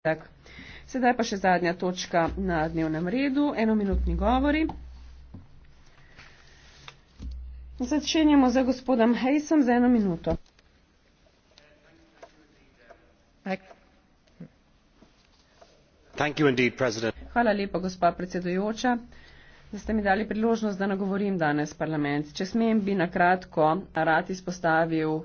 Tak. Sedaj pa še zadnja točka na dnevnem redu, enominutni govori. Začenjamo za gospodom Hejsom za eno minuto. Thank you indeed, President. Hvala lepa, gospa predsedujoča, da ste mi dali priložnost, da nagovorim danes parlament. Če smem, bi na kratko rad izpostavil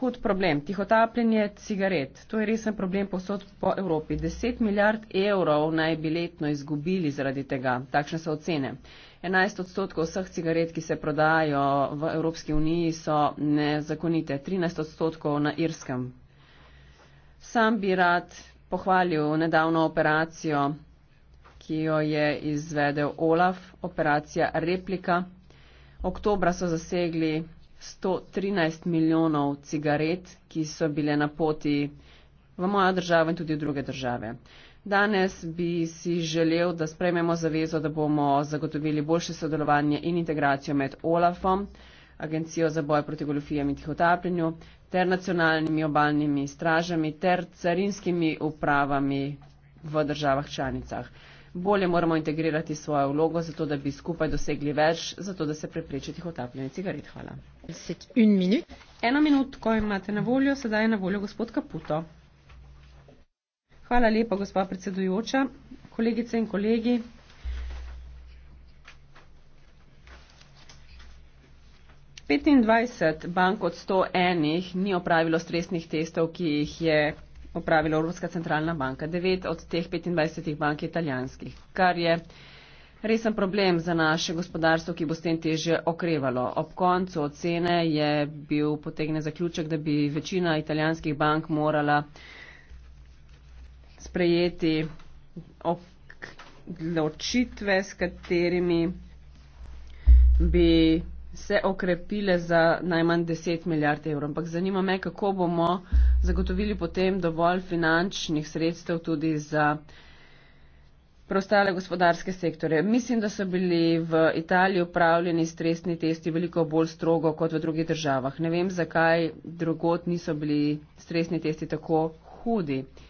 hud problem. Tihotapljenje cigaret, to je resen problem posod po Evropi. 10 milijard evrov naj bi letno izgubili zaradi tega, takšne so ocene. 11 odstotkov vseh cigaret, ki se prodajo v Evropski uniji, so nezakonite, 13 odstotkov na Irskem. Sam bi rad pohvalil nedavno operacijo, ki jo je izvedel Olaf, operacija Replika. Oktobra so zasegli 113 milijonov cigaret, ki so bile na poti v mojo državo in tudi v druge države. Danes bi si želel, da sprejmemo zavezo, da bomo zagotovili boljše sodelovanje in integracijo med OLAF-om, Agencijo za boj proti goljofijam in tihotapljenju, ter nacionalnimi obalnimi stražami ter carinskimi upravami v državah članicah bolje moramo integrirati svojo vlogo, zato da bi skupaj dosegli več, zato da se prepreči tihotapljanje cigaret. Hvala. Eno minut, ko imate na voljo, sedaj je na voljo gospod Kaputo. Hvala lepa, gospod predsedujoča, kolegice in kolegi. Petindvajset bank od sto enih ni opravilo stresnih testov, ki jih je opravila Evropska centralna banka. 9 od teh 25 bank je italijanskih, kar je resen problem za naše gospodarstvo, ki bo s tem teže okrevalo. Ob koncu ocene je bil potegne zaključek, da bi večina italijanskih bank morala sprejeti odločitve, s katerimi bi se okrepile za najmanj 10 milijard evrov. Ampak zanima me, kako bomo zagotovili potem dovolj finančnih sredstev tudi za preostale gospodarske sektore. Mislim, da so bili v Italiji upravljeni stresni testi veliko bolj strogo kot v drugih državah. Ne vem, zakaj drugot niso bili stresni testi tako hudi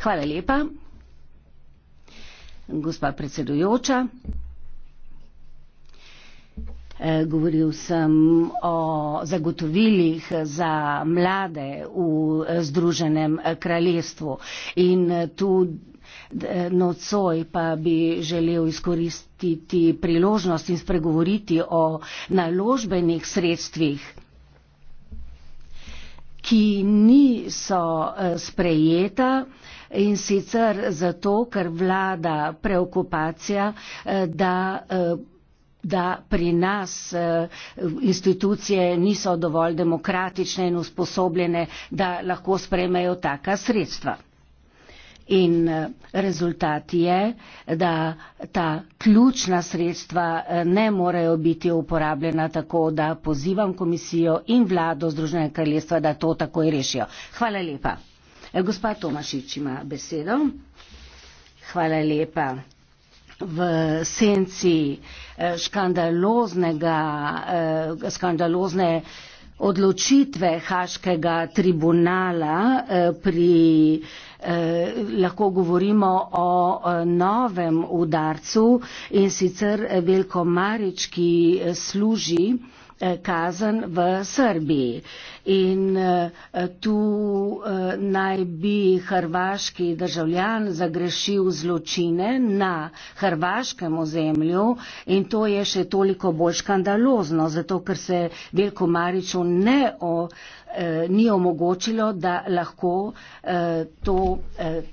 Hvala lepa. Gospa predsedujoča, eh, govoril sem o zagotovilih za mlade v eh, Združenem eh, kraljestvu in tu nocoj pa bi želel izkoristiti priložnost in spregovoriti o naložbenih sredstvih ki niso sprejeta, in sicer zato, ker vlada preokupacija, eh, da eh, da pri nas eh, institucije niso dovolj demokratične in usposobljene, da lahko spremejo taka sredstva. In rezultat je, da ta ključna sredstva ne morejo biti uporabljena tako, da pozivam komisijo in vlado Združenega kraljestva, da to takoj rešijo. Hvala lepa. Gospa Tomašič ima besedo. Hvala lepa. V senci eh, škandaloznega, skandalozne eh, odločitve Haškega tribunala eh, pri, lahko govorimo o novem udarcu in sicer Velko Marič, ki služi Eh, kazen v Srbiji. In eh, tu eh, naj bi hrvaški državljan zagrešil zločine na hrvaškem ozemlju in to je še toliko bolj škandalozno, zato ker se Veljko Mariču ne o, ni omogočilo, da lahko to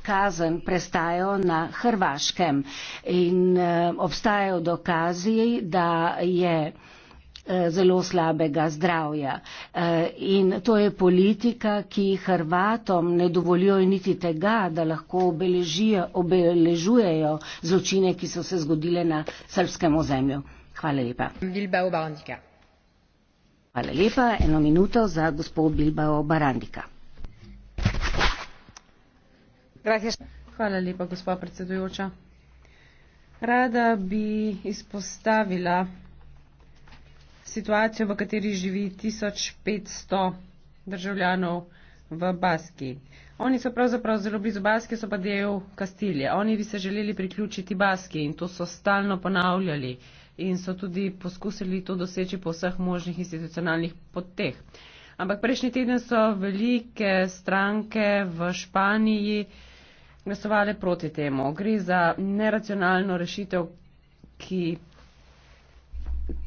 kazen prestajo na hrvaškem. In obstajajo dokazi, da je Eh, zelo slabega zdravja. Eh, in to je politika, ki Hrvatom ne dovolijo niti tega, da lahko obeležujejo zločine, ki so se zgodile na srpskem ozemlju. Hvala lepa. Hvala lepa. Eno minuto za gospod Bilbao Barandika. Hvala lepa, gospod predsedujoča. Rada bi izpostavila situacijo, v kateri živi 1500 državljanov v Baski. Oni so pravzaprav zelo blizu Baske, so pa del Kastilje. Oni bi se želeli priključiti Baski in to so stalno ponavljali in so tudi poskusili to doseči po vseh možnih institucionalnih poteh. Ampak prejšnji teden so velike stranke v Španiji glasovali proti temu. Gre za neracionalno rešitev, ki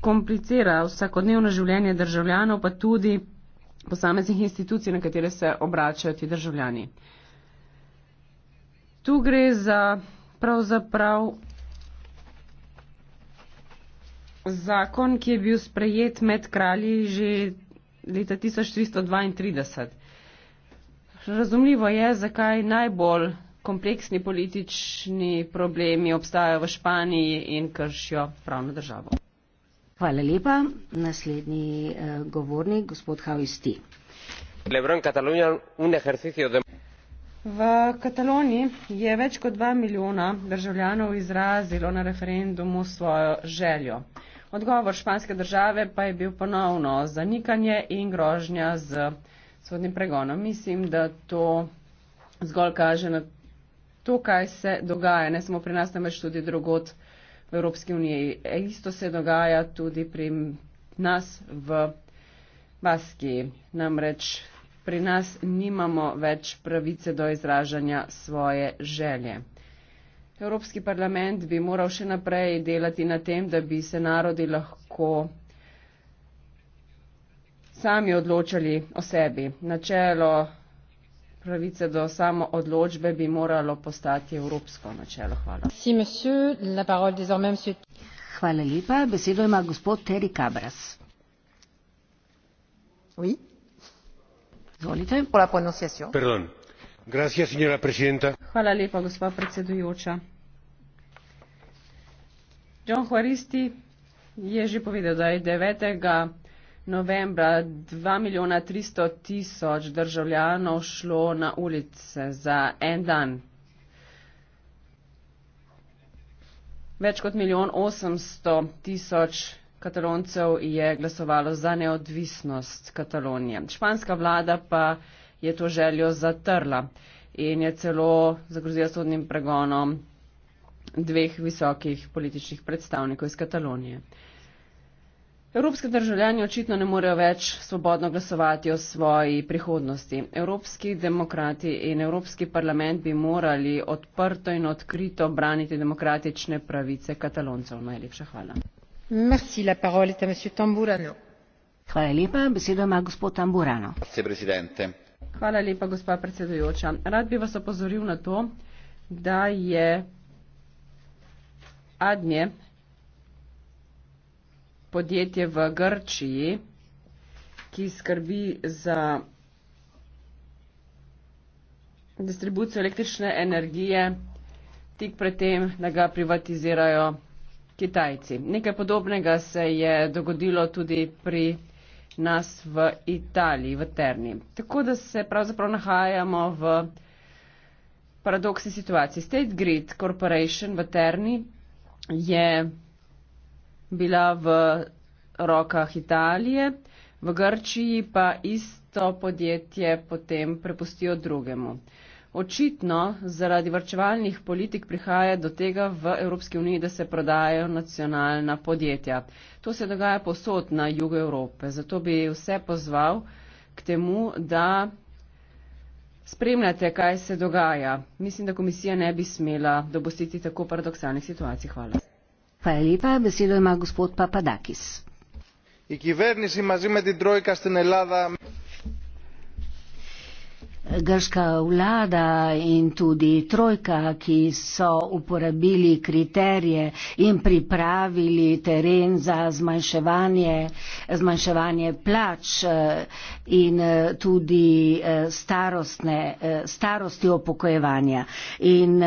komplicira vsakodnevno življenje državljanov, pa tudi posameznih institucij, na katere se obračajo ti državljani. Tu gre za pravzaprav zakon, ki je bil sprejet med kralji že leta 1332. Razumljivo je, zakaj najbolj kompleksni politični problemi obstajajo v Španiji in kršijo pravno državo. Hvala lepa. Naslednji eh, govornik, gospod Havisti. V Kataloniji je več kot dva milijona državljanov izrazilo na referendumu svojo željo. Odgovor španske države pa je bil ponovno zanikanje in grožnja z sodnim pregonom. Mislim, da to zgolj kaže na to, kaj se dogaja, ne samo pri nas, temveč tudi drugot v Evropski uniji. Isto se dogaja tudi pri nas v Baskiji. Namreč pri nas nimamo več pravice do izražanja svoje želje. Evropski parlament bi moral še naprej delati na tem, da bi se narodi lahko sami odločali o sebi. Načelo pravice do samoodločbe bi moralo postati evropsko načelo. Hvala. Hvala lepa. Besedo ima gospod Terry Cabras. Oui. Izvolite. Hvala lepa, gospod predsedujoča. John Huaristi je že povedal, da je 9 novembra 2 milijona 300 tisoč državljanov šlo na ulice za en dan. Več kot milijon 800 tisoč kataloncev je glasovalo za neodvisnost Katalonije. Španska vlada pa je to željo zatrla in je celo zagrozila sodnim pregonom dveh visokih političnih predstavnikov iz Katalonije. Evropski državljani očitno ne morejo več svobodno glasovati o svoji prihodnosti. Evropski demokrati in Evropski parlament bi morali odprto in odkrito braniti demokratične pravice kataloncev. Najlepša hvala. Merci, la parole est à monsieur Tamburano. Hvala lepa, besedo ima gospod Tamburano. Hvala lepa, gospa predsedujoča. Rad bi vas opozoril na to, da je Adnje podjetje v Grčiji, ki skrbi za distribucijo električne energije, tik predtem, da ga privatizirajo Kitajci. Nekaj podobnega se je dogodilo tudi pri nas v Italiji, v Terni. Tako da se pravzaprav nahajamo v paradoksni situaciji. State Grid Corporation v Terni je bila v rokah Italije, v Grčiji pa isto podjetje potem prepustijo drugemu. Očitno zaradi vrčevalnih politik prihaja do tega v Evropski uniji, da se prodajajo nacionalna podjetja. To se dogaja posod na jugu Evrope. Zato bi vse pozval k temu, da spremljate, kaj se dogaja. Mislim, da komisija ne bi smela dopustiti tako paradoksalnih situacij. Hvala. Hvala lepa. Besedo ima gospod Papadakis. Η κυβέρνηση μαζί με την Τρόικα στην Ελλάδα grška vlada in tudi trojka, ki so uporabili kriterije in pripravili teren za zmanjševanje, zmanjševanje plač eh, in eh, tudi eh, starostne, starosti opokojevanja. In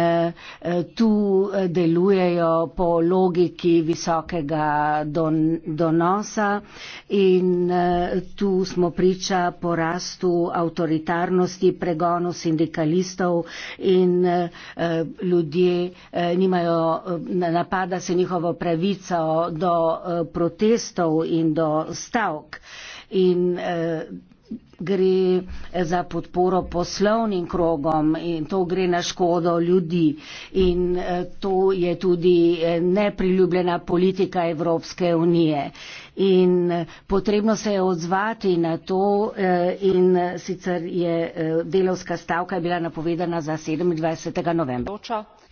tu delujejo po logiki visokega donosa in tu smo priča porastu avtoritarnosti pregonu sindikalistov in eh, ljudje eh, nimajo, eh, napada se njihovo pravico do protestov in do stavk. In, gre za podporo poslovnim krogom in to gre na škodo ljudi. In eh, to je tudi eh, nepriljubljena politika Evropske unije. In eh, potrebno se je odzvati na to in sicer je delovska stavka je bila napovedana za 27. novembra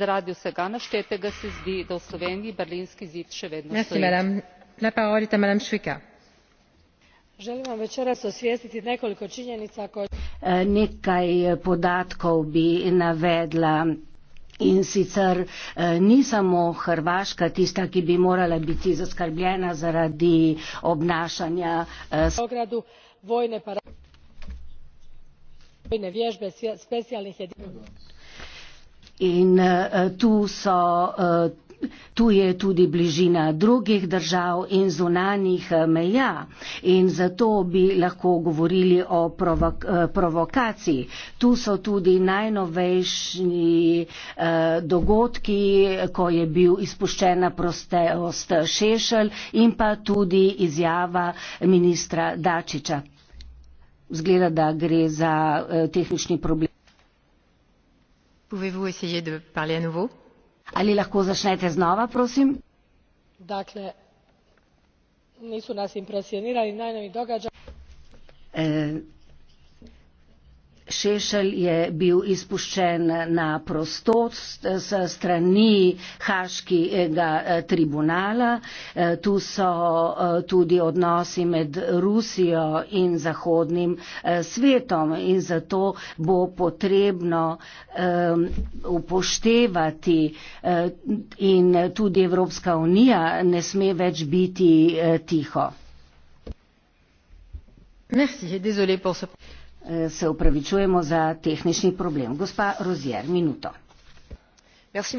zaradi vsega naštetega se zdi da v sloveniji berlinski zid še vedno stoji. želim vam večeras osvijestiti nekoliko činjenica koje. Eh, nekaj eh, podatkov bi navedla in sicer eh, ni samo hrvaška tista ki bi morala biti zaskrbljena zaradi obnašanja. In eh, tu so. Eh, tu je tudi bližina drugih držav in zunanih eh, meja in zato bi lahko govorili o provok provokaciji. Tu so tudi najnovejši eh, dogodki, ko je bil izpuščena prostost Šešel in pa tudi izjava ministra Dačiča. Zgleda, da gre za eh, tehnični problem essayer de parler à nouveau Ali lahko začnete znova, prosim? Dakle, nisu nas impresionirali najnovi događaj. E, Šešelj je bil izpuščen na prostost s strani Haškega eh, tribunala. Eh, tu so eh, tudi odnosi med Rusijo in zahodnim svetom in zato bo potrebno upoštevati in tudi Evropska unija ne sme več biti tiho. Merci, désolé pour ce. Eh, se opravičujemo za tehnični problem. Gospa Rozier, minuto. Merci,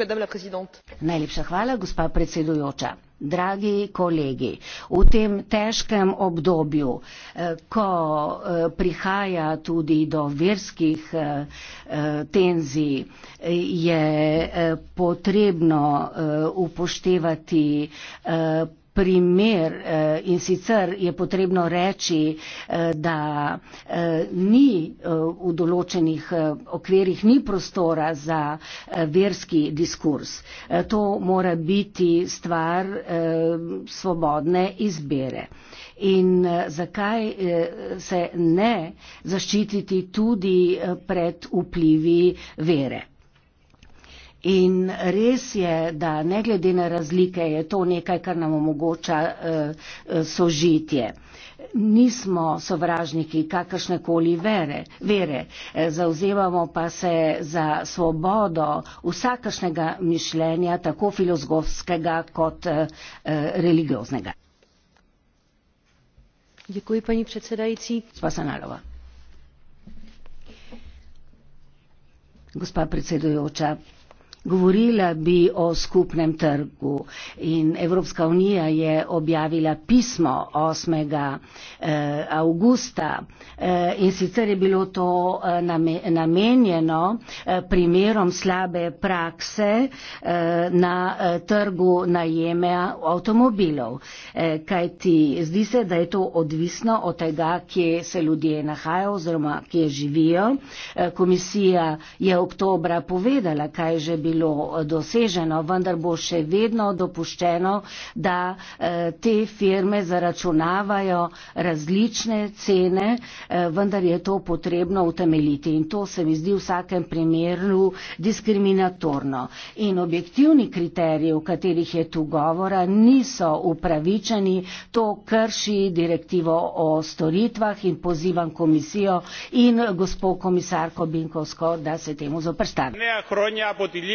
Najlepša hvala, gospa predsedujoča. Dragi kolegi, v tem težkem obdobju, eh, ko eh, prihaja tudi do verskih tenzij, je potrebno upoštevati primer eh, in sicer je potrebno reči, eh, da eh, ni v določenih okvirih, ni prostora za verski diskurs. To mora biti stvar svobodne izbere. In zakaj se ne zaščititi tudi pred vplivi vere? In res je, da ne glede na razlike je to nekaj, kar nam omogoča eh, eh, sožitje. Nismo sovražniki kakršnekoli vere, vere, eh, zauzevamo pa se za svobodo vsakašnega mišljenja, tako filozofskega kot religioznega. Děkuji, paní předsedající. Spasenárova. Gospa predsedujoča, Govorila bi o skupnem trgu in Evropska unija je objavila pismo 8. Eh, augusta eh, in sicer je bilo to eh, namenjeno primerom slabe prakse na trgu najeme avtomobilov. Kaj ti zdi se, da je to odvisno od tega, kje se ljudje nahajajo oziroma kje živijo? Komisija je oktobra povedala, kaj že bi bilo doseženo, vendar bo še vedno dopuščeno, da eh, te firme zaračunavajo različne cene, eh, vendar je to potrebno utemeliti. In to se mi zdi v vsakem primeru diskriminatorno. In objektivni kriteriji, o katerih je tu govora, niso upravičeni, to krši direktivo o storitvah in pozivam komisijo in gospod komisarko Binkovsko, da se temu zoprstavi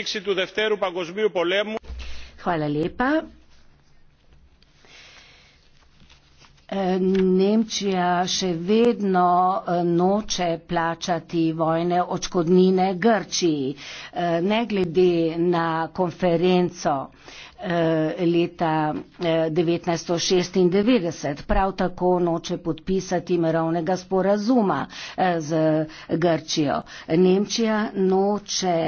εξέλιξη του Δευτέρου Παγκοσμίου Πολέμου. Hvala lepa. Nemčija še vedno e, noče plačati vojne očkodnine Grčiji. E, ne glede na konferenco e, leta 1996. Prav tako noče podpisati mirovnega sporazuma z Grčijo. Nemčija noče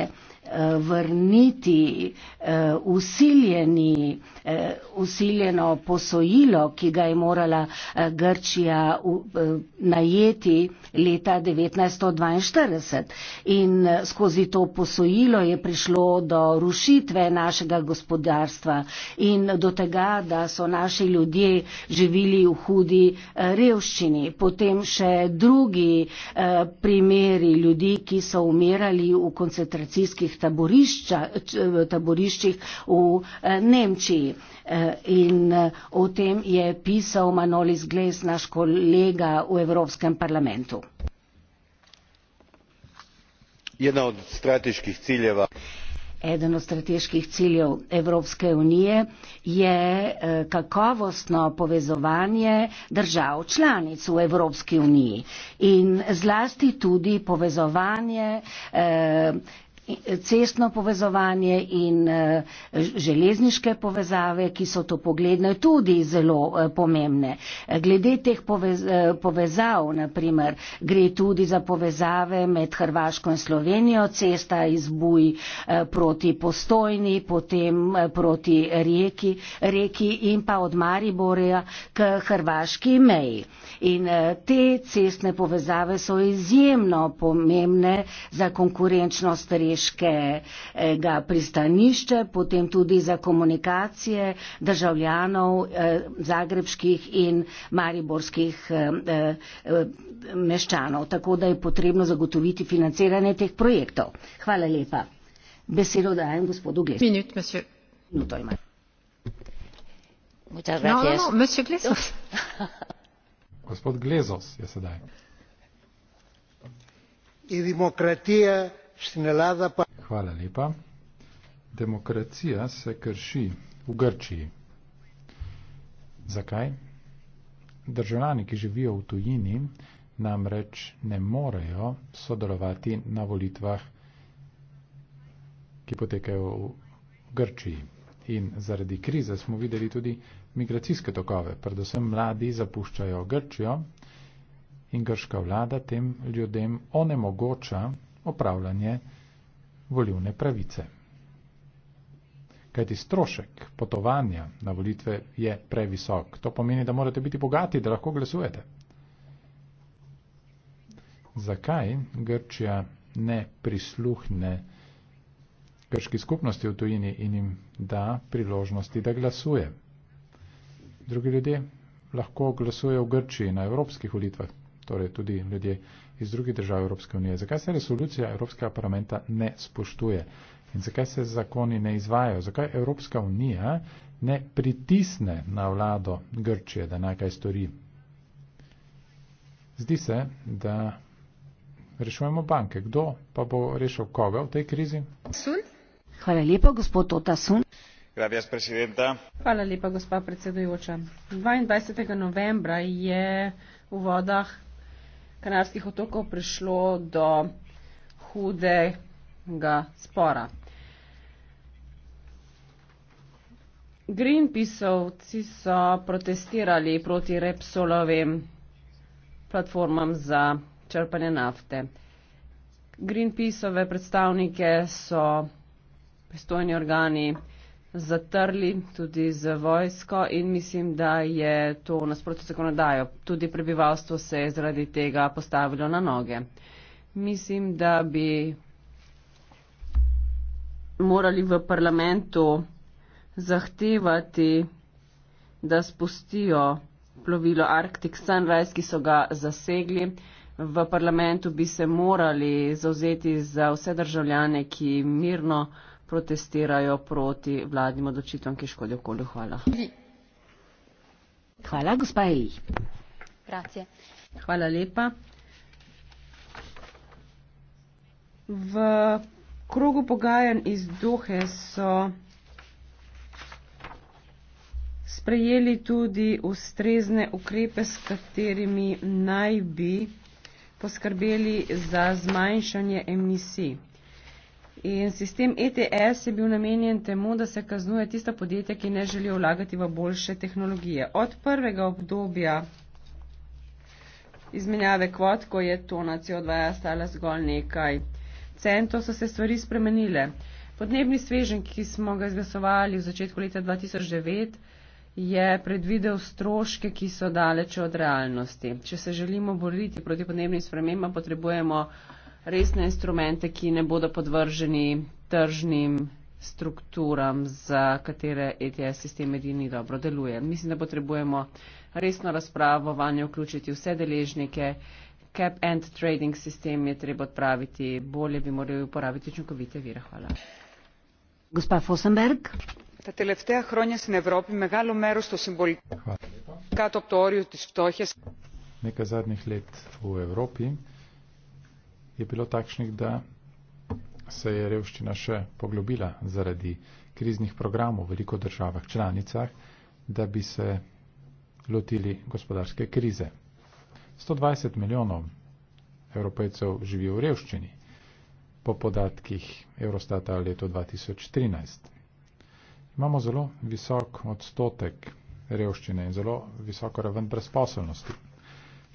vrniti eh, usiljeni, eh, usiljeno posojilo, ki ga je morala eh, Grčija najeti leta 1942. In skozi to posojilo je prišlo do rušitve našega gospodarstva in do tega, da so naši ljudje živeli v hudi revščini. Potem še drugi primeri ljudi, ki so umirali v koncentracijskih taborišča, taboriščih v eh, Nemčiji. Eh, in eh, o tem je pisal Manolis Gles, naš kolega v Evropskem parlamentu. Jedna od strateških ciljeva. Eden od strateških ciljev Evropske unije je kakovostno povezovanje držav članic v Evropski uniji in zlasti tudi povezovanje eh, cestno povezovanje in eh, železniške povezave, ki so to pogledne, tudi zelo eh, pomembne. Glede teh povez eh, povezav, naprimer, gre tudi za povezave med Hrvaško in Slovenijo, cesta iz Buj proti Postojni, potem proti Rijeki, Reki in pa od Mariborja k Hrvaški meji. In te cestne povezave so izjemno pomembne za konkurenčnost rešitev strateškega pristanišče, potem tudi za komunikacije državljanov eh, zagrebskih in mariborskih eh, eh, meščanov. Tako da je potrebno zagotoviti financiranje teh projektov. Hvala lepa. Besedo dajem gospodu Glesu. Minut, monsieur. Minuto ima. No, no, no, monsieur Glesos. Gospod Glezos je sedaj. In demokracija Hvala lepa. Demokracija se krši v Grčiji. Zakaj? Državljani, ki živijo v tujini, namreč ne morejo sodelovati na volitvah, ki potekajo v Grčiji. In zaradi krize smo videli tudi migracijske tokove. Predvsem mladi zapuščajo Grčijo in grška vlada tem ljudem onemogoča opravljanje volivne pravice. Kajti strošek potovanja na volitve je previsok. To pomeni, da morate biti bogati, da lahko glasujete. Zakaj Grčija ne prisluhne grški skupnosti v tujini in jim da priložnosti, da glasuje? Drugi ljudje lahko glasujejo v Grčiji na evropskih volitvah, torej tudi ljudje, iz drugih držav Evropske unije. Zakaj se resolucija Evropskega parlamenta ne spoštuje in zakaj se zakoni ne izvajo? Zakaj Evropska unija ne pritisne na vlado Grčije, da nekaj stori? Zdi se, da rešujemo banke. Kdo pa bo rešil koga v tej krizi? Sun? Hvala lepa, gospod Tota Sun. Hvala lepa, gospa predsedujoča. 22. novembra je v vodah Kanarskih otokov prišlo do hudega spora. Greenpeaceovci so protestirali proti Repsolovim platformam za črpanje nafte. Greenpeaceove predstavnike so pristojni organi zatrli tudi z vojsko in mislim, da je to nasprotno zakonodajo. Tudi prebivalstvo se je zaradi tega postavilo na noge. Mislim, da bi morali v parlamentu zahtevati, da spustijo plovilo Arctic Sunrise, ki so ga zasegli. V parlamentu bi se morali zauzeti za vse državljane, ki mirno protestirajo proti vladnim odločitvam, ki škodijo okolju. Hvala. Hvala, gospa Eli. Grazie. Hvala lepa. V krogu pogajanj iz Dohe so sprejeli tudi ustrezne ukrepe, s katerimi naj bi poskrbeli za zmanjšanje emisij. In sistem ETS je bil namenjen temu, da se kaznuje tista podjetja, ki ne želijo vlagati v boljše tehnologije. Od prvega obdobja izmenjave kvot, ko je tona CO2 stala zgolj nekaj centov, so se stvari spremenile. Podnebni svežen, ki smo ga izglasovali v začetku leta 2009, je predvidel stroške, ki so daleč od realnosti. Če se želimo boriti proti podnebnim spremembam, potrebujemo resne instrumente, ki ne bodo podvrženi tržnim strukturam, za katere ETS sistem edini dobro deluje. Mislim, da potrebujemo resno razpravo, vanjo vključiti vse deležnike. Cap and trading sistem je treba odpraviti, bolje bi morali uporabiti učinkovite vire. Hvala. Gospa Fosenberg. Τα τελευταία χρόνια στην Ευρώπη μεγάλο μέρος των συμπολιτών κάτω από το όριο της φτώχειας. Νέκα ζάρνιχ λέτ του Ευρώπη je bilo takšnih, da se je revščina še poglobila zaradi kriznih programov v veliko državah članicah, da bi se lotili gospodarske krize. 120 milijonov evropejcev živi v revščini po podatkih Eurostata leto 2013. Imamo zelo visok odstotek revščine in zelo visoko raven brezposobnosti.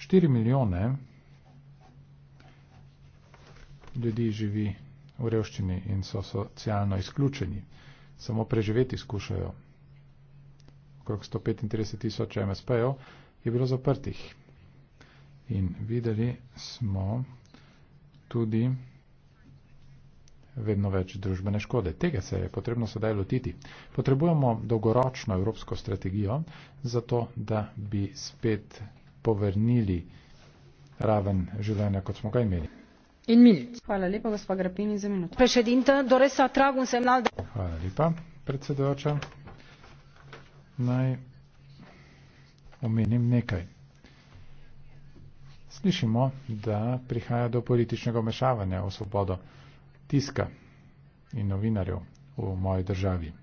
4 milijone ljudi živi v revščini in so socialno izključeni. Samo preživeti skušajo. Okrog 135 tisoč MSP-jev je bilo zaprtih. In videli smo tudi vedno več družbene škode. Tega se je potrebno sedaj lotiti. Potrebujemo dolgoročno evropsko strategijo, zato da bi spet povrnili raven življenja, kot smo ga imeli președintă doresc să atrag un semnal de. Hvala lepa, predsedujoča. Naj omenim nekaj. Slišimo, da prihaja do političnega vmešavanja v svobodo tiska in novinarjev v moji državi.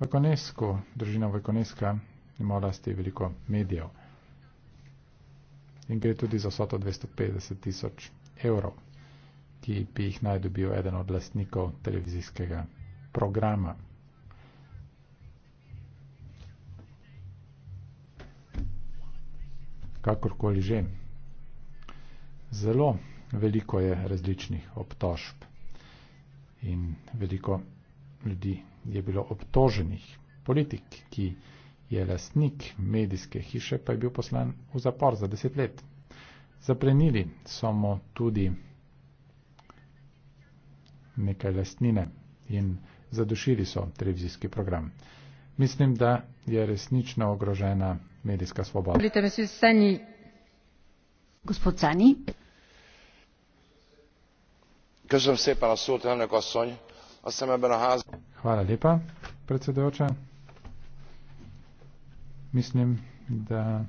V Konesku, družina v Konesku, ima lasti veliko medijev in gre tudi za soto 250 tisoč evrov, ki bi jih naj dobil eden od lastnikov televizijskega programa. Kakorkoli že. Zelo veliko je različnih obtožb in veliko ljudi je bilo obtoženih. Politik, ki je je lastnik medijske hiše, pa je bil poslan v zapor za deset let. Zaprenili so mu tudi nekaj lastnine in zadušili so televizijski program. Mislim, da je resnično ogrožena medijska svoboda. Gospod Sani. Hvala lepa, predsedujoča mislim, da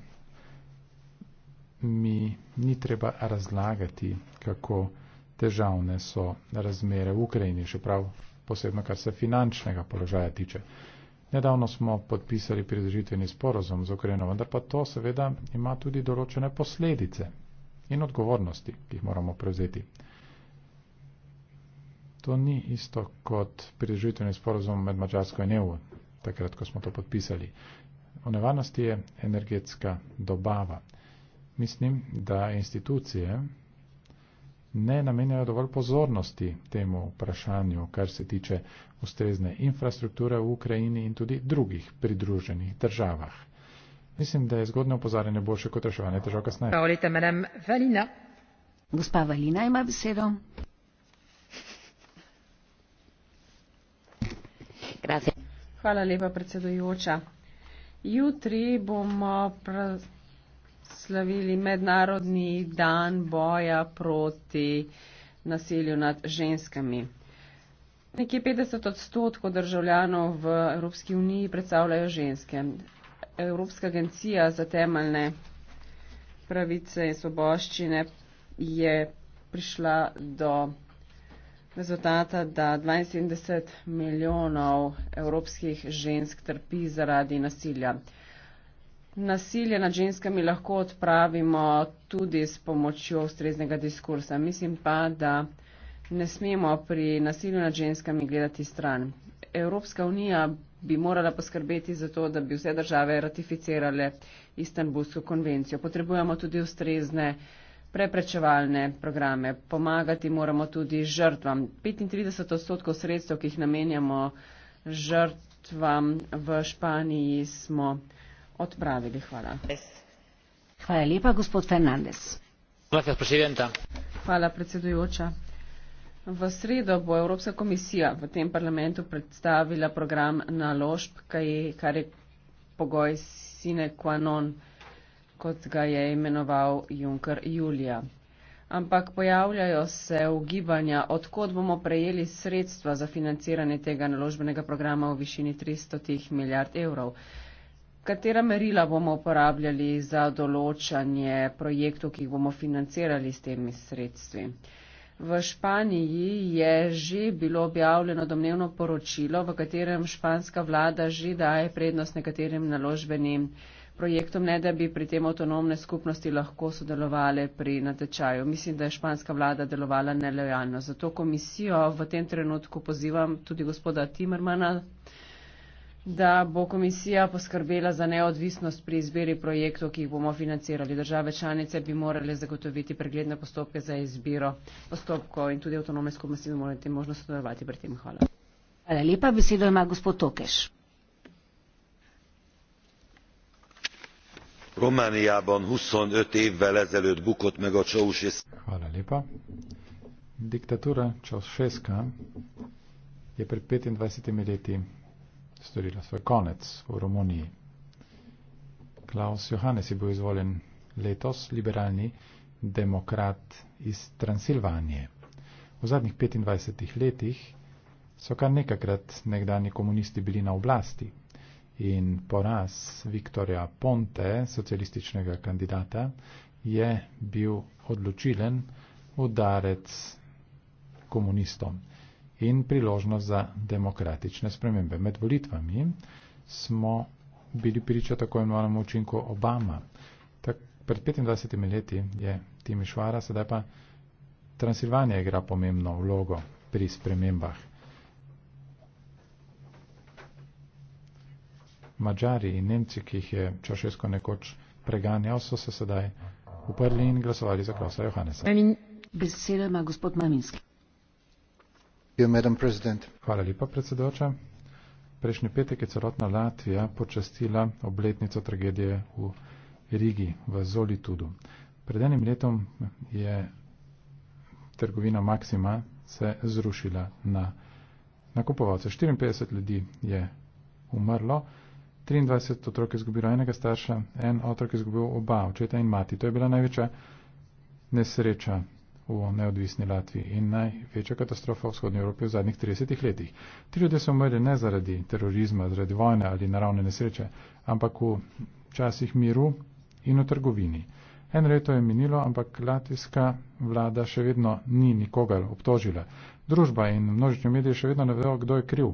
mi ni treba razlagati, kako težavne so razmere v Ukrajini, še prav posebno, kar se finančnega položaja tiče. Nedavno smo podpisali pridružitveni sporozum z Ukrajino, vendar pa to seveda ima tudi določene posledice in odgovornosti, ki jih moramo prevzeti. To ni isto kot pridružitveni sporozum med Mačarsko in EU, takrat, ko smo to podpisali o nevarnosti je energetska dobava. Mislim, da institucije ne namenjajo dovolj pozornosti temu vprašanju, kar se tiče ustrezne infrastrukture v Ukrajini in tudi drugih pridruženih državah. Mislim, da je zgodno opozarjanje boljše kot reševanje težav kasneje. Pravolite, madam Valina. Gospa Valina ima besedo. Hvala lepa, predsedujoča. Jutri bomo slavili mednarodni dan boja proti nasilju nad ženskami. Nekje 50 odstotkov državljanov v Evropski uniji predstavljajo ženske. Evropska agencija za temeljne pravice in svoboščine je prišla do rezultata, da 72 milijonov evropskih žensk trpi zaradi nasilja. Nasilje nad ženskami lahko odpravimo tudi s pomočjo ustreznega diskursa. Mislim pa, da ne smemo pri nasilju nad ženskami gledati stran. Evropska unija bi morala poskrbeti za to, da bi vse države ratificirale Istanbulsko konvencijo. Potrebujemo tudi ustrezne preprečevalne programe. Pomagati moramo tudi žrtvam. 35 odstotkov sredstev, ki jih namenjamo žrtvam v Španiji, smo odpravili. Hvala. Hvala lepa, gospod Fernandez. Hvala, predsedujoča. V sredo bo Evropska komisija v tem parlamentu predstavila program naložb, kar je pogoj sine qua non kot ga je imenoval Junker Julija. Ampak pojavljajo se ugibanja, odkot bomo prejeli sredstva za financiranje tega naložbenega programa v višini 300 milijard evrov. Katera merila bomo uporabljali za določanje projektov, ki jih bomo financirali s temi sredstvi? V Španiji je že bilo objavljeno domnevno poročilo, v katerem španska vlada že daje prednost nekaterim naložbenim projektom projektom, ne da bi pri tem avtonomne skupnosti lahko sodelovali pri natečaju. Mislim, da je španska vlada delovala nelojalno. Zato komisijo v tem trenutku pozivam tudi gospoda Timmermana, da bo komisija poskrbela za neodvisnost pri izbiri projektov, ki jih bomo financirali. Države članice bi morale zagotoviti pregledne postopke za izbiro postopkov in tudi avtonomne skupnosti bi morali te možnosti sodelovati pri tem. Hvala. Hvala lepa, besedo ima gospod Tokeš. romániában huszonöt évvel ezelőtt bukott meg a ceausescu Klaus Johannes je bil izvoljen letos liberalni demokrat iz Transilvanije. V zadnjih 25 letih so kar nekakrat nekdani komunisti bili na oblasti in poraz Viktorja Ponte, socialističnega kandidata, je bil odločilen udarec komunistom in priložnost za demokratične spremembe. Med volitvami smo bili priča tako imenovanemu učinku Obama. Tak, pred 25 leti je Timišvara, sedaj pa Transilvanija igra pomembno vlogo pri spremembah. Mačari in Nemci, ki jih je Čašesko nekoč preganjal, so se sedaj uprli in glasovali za Klausa Johannesa. Hvala lepa, predsedoča. Prejšnji petek je celotna Latvija počastila obletnico tragedije v Rigi, v Zolitudu. Pred enim letom je trgovina Maxima se zrušila na nakupovalce. 54 ljudi je umrlo. 23 otrok je izgubilo enega starša, en otrok je izgubil oba, očeta in mati. To je bila največja nesreča v neodvisni Latviji in največja katastrofa v vzhodnji Evropi v zadnjih 30 letih. Ti ljudje so umrli ne zaradi terorizma, zaradi vojne ali naravne nesreče, ampak v časih miru in v trgovini. En leto je minilo, ampak latvijska vlada še vedno ni nikogar obtožila. Družba in množični mediji še vedno ne vedo, kdo je kriv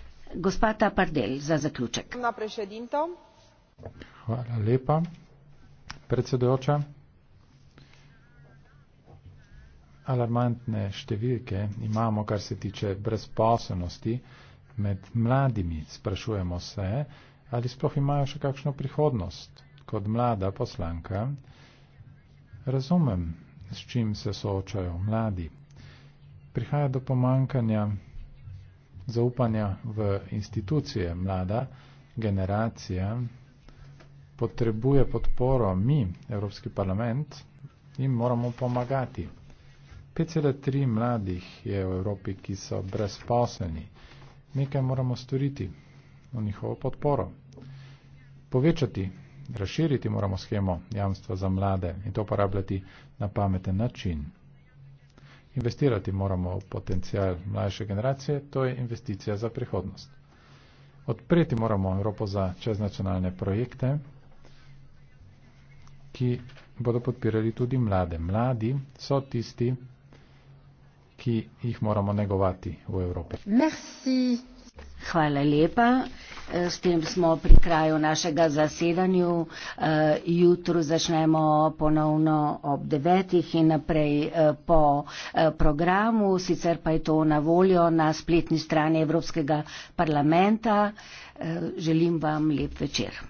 Hvala lepa, predsedujoča. Alarmantne številke imamo, kar se tiče brezposobnosti med mladimi. Sprašujemo se, ali sploh imajo še kakšno prihodnost kot mlada poslanka. Razumem, s čim se soočajo mladi. Prihaja do pomankanja zaupanja v institucije. Mlada generacija potrebuje podporo mi, Evropski parlament, in moramo pomagati. 5,3 mladih je v Evropi, ki so brezposleni. Nekaj moramo storiti v njihovo podporo. Povečati, razširiti moramo schemo jamstva za mlade in to uporabljati na pameten način. Investirati moramo v potencijal mlajše generacije, to je investicija za prihodnost. Odpreti moramo Evropo za čeznacionalne projekte, ki bodo podpirali tudi mlade. Mladi so tisti, ki jih moramo negovati v Evropi. Merci. Hvala lepa. Eh, s tem smo pri kraju našega zasedanja. Eh, jutro začnemo ponovno ob devetih in naprej eh, po programu. Sicer pa je to na voljo na spletni strani Evropskega parlamenta. Želim vam lep večer.